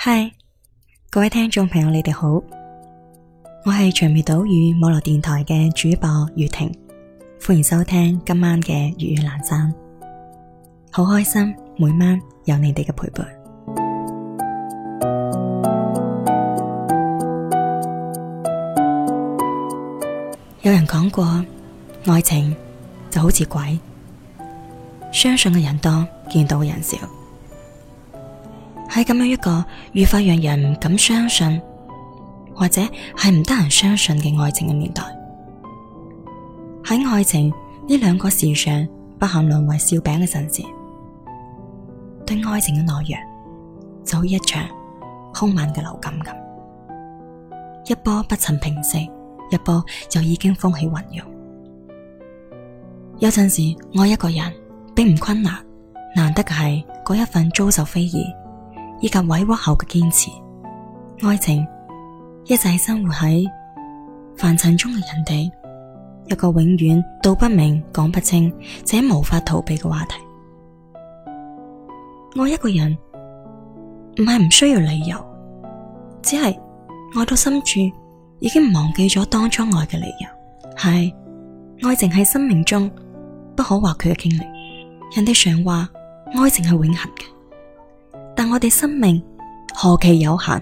嗨，Hi, 各位聽眾朋友，你哋好，我係長尾島嶼網絡電台嘅主播宇婷，歡迎收聽今晚嘅粵語闌珊。好開心每晚有你哋嘅陪伴。 有人講過，愛情就好似鬼，相信嘅人多，見到嘅人少。喺咁樣一個愈發讓人唔敢相信，或者係唔得人相信嘅愛情嘅年代，喺愛情呢兩個字上不幸淪為笑柄嘅陣時，對愛情嘅懦弱就好似一場兇猛嘅流感咁，一波不曾平息，一波就已經風起雲湧。有陣時愛一個人並唔困難，難得嘅係嗰一份遭受非議。以及委屈後嘅堅持，愛情一直係生活喺凡塵中嘅人哋一個永遠道不明、講不清、且無法逃避嘅話題。愛一個人唔係唔需要理由，只係愛到深處已經忘記咗當初愛嘅理由。係愛情喺生命中不可或缺嘅經歷。人哋常話愛情係永恆嘅。但我哋生命何其有限，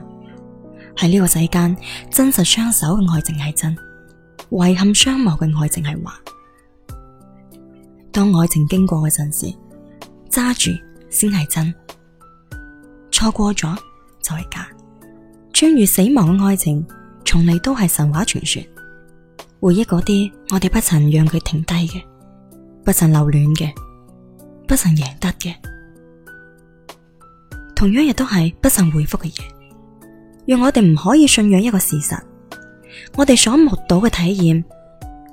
喺呢個世間，真實雙手嘅愛情係真，遺憾雙眸嘅愛情係華。當愛情經過嗰陣時，揸住先係真，錯過咗就係假。穿越死亡嘅愛情，從嚟都係神話傳說。回憶嗰啲，我哋不曾讓佢停低嘅，不曾留戀嘅，不曾贏得嘅。同樣亦都係不曾回復嘅嘢，若我哋唔可以信仰一個事實，我哋所目睹嘅體驗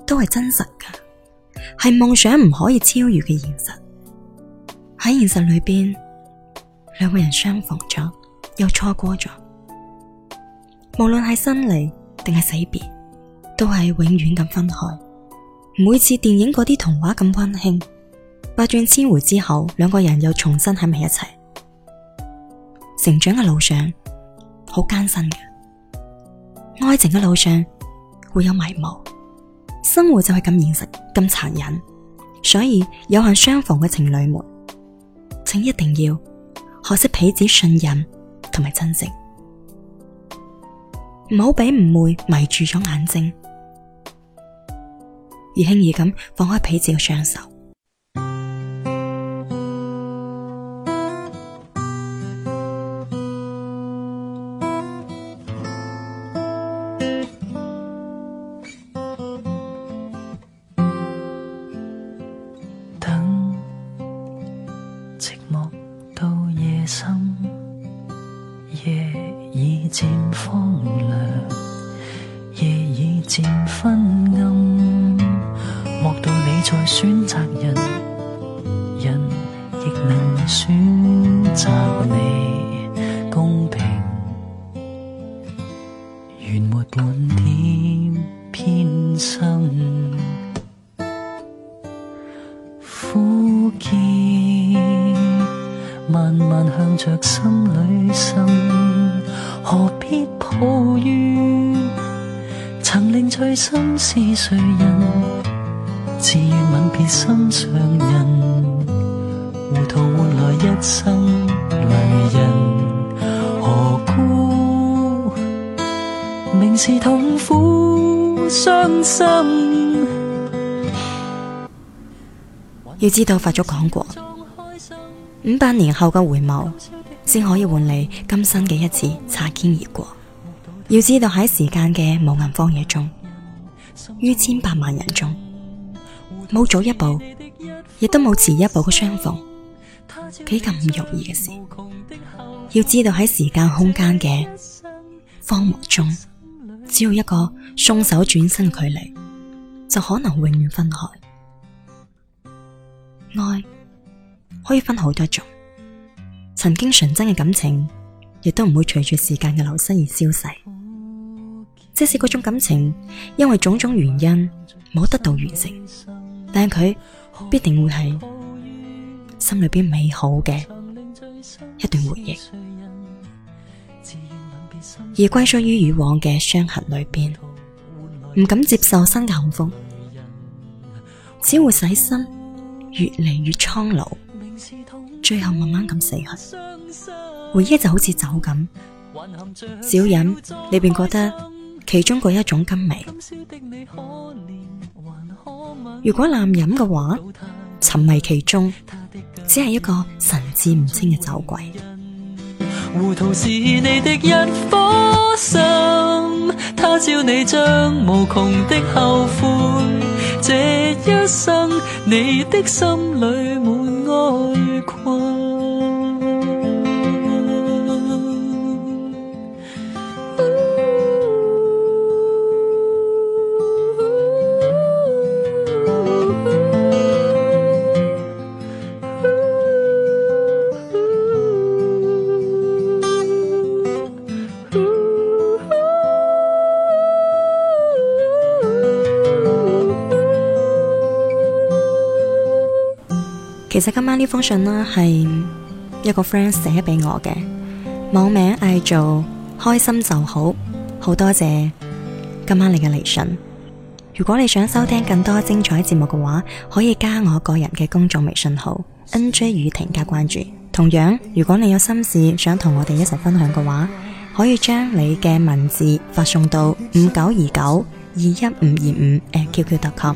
都係真實噶，係夢想唔可以超越嘅現實。喺現實裏邊，兩個人相逢咗，又錯過咗。無論係生離定係死別，都係永遠咁分開。每次電影嗰啲童話咁溫馨，百轉千回之後，兩個人又重新喺埋一齊。成長嘅路上好艱辛嘅，愛情嘅路上會有迷茫，生活就係咁現實，咁殘忍，所以有幸相逢嘅情侶們，請一定要學識彼此信任同埋珍惜，唔好俾誤會迷住咗眼睛，而輕易咁放開彼此嘅雙手。選擇人，人亦能選擇你，公平，原沒半點偏心。苦澀慢慢向着心裏滲，何必抱怨？曾令醉心是誰人？自願吻別心上人，糊塗換來一生淚人，何故明是痛苦傷心？要知道佛祖講過，五百年後嘅回眸，先可以換嚟今生嘅一次擦肩而過。要知道喺時間嘅無垠荒野中，於千百萬人中。冇早一步，亦都冇遲一步嘅相逢，幾咁唔容易嘅事。要知道喺時間空間嘅荒漠中，只要一個鬆手轉身嘅距離，就可能永遠分開。愛可以分好多種，曾經純真嘅感情，亦都唔會隨住時間嘅流逝而消逝。即使嗰種感情因為種種原因冇得到完成，但佢必定會係心裏邊美好嘅一段回憶，而歸宿於以往嘅傷痕裏邊，唔敢接受新嘅幸福，只會使心越嚟越蒼老，最後慢慢咁死去。回憶就好似酒咁，少飲你便覺得。其中嗰一種甘味。如果濫飲嘅話，沉迷其中，只係一個神志唔清嘅酒鬼。糊塗是你的一顆心，他朝你將無窮的後悔，這一生你的心裏滿哀困。其實今晚呢封信啦，係一個 friend 寫俾我嘅，網名嗌做開心就好，好多謝今晚你嘅嚟信。如果你想收聽更多精彩節目嘅話，可以加我個人嘅公眾微信號 nj 宇婷加關注。同樣，如果你有心事想同我哋一齊分享嘅話，可以將你嘅文字發送到五九二九二一五二五 QQ.com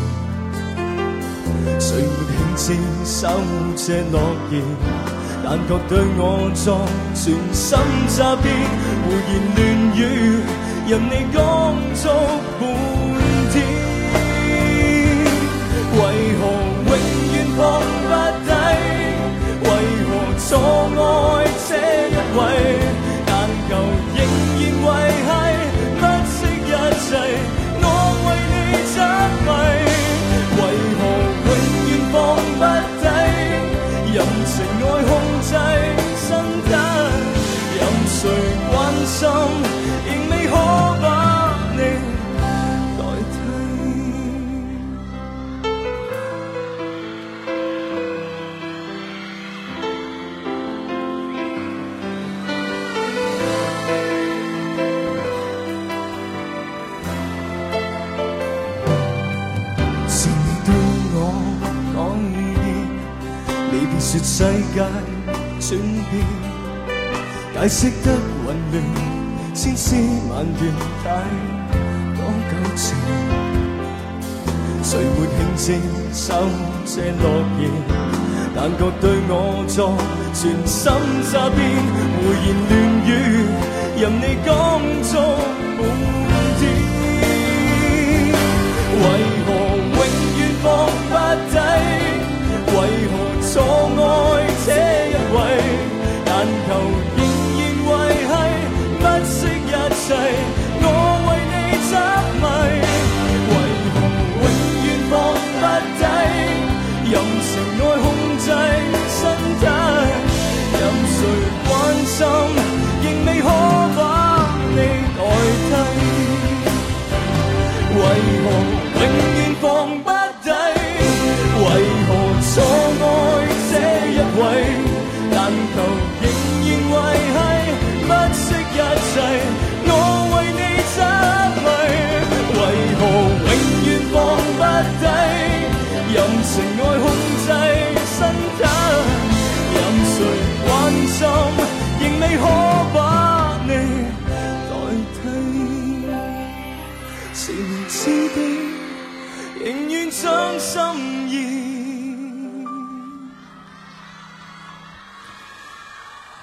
誰沒興致守這諾言，但卻對我作全心詐騙，胡言亂語，任你講足世界轉變，解釋得混亂，千絲萬段太多感情。誰沒興致守這落葉，但覺對我錯，全心詐騙，胡言亂語，任你講足半天。為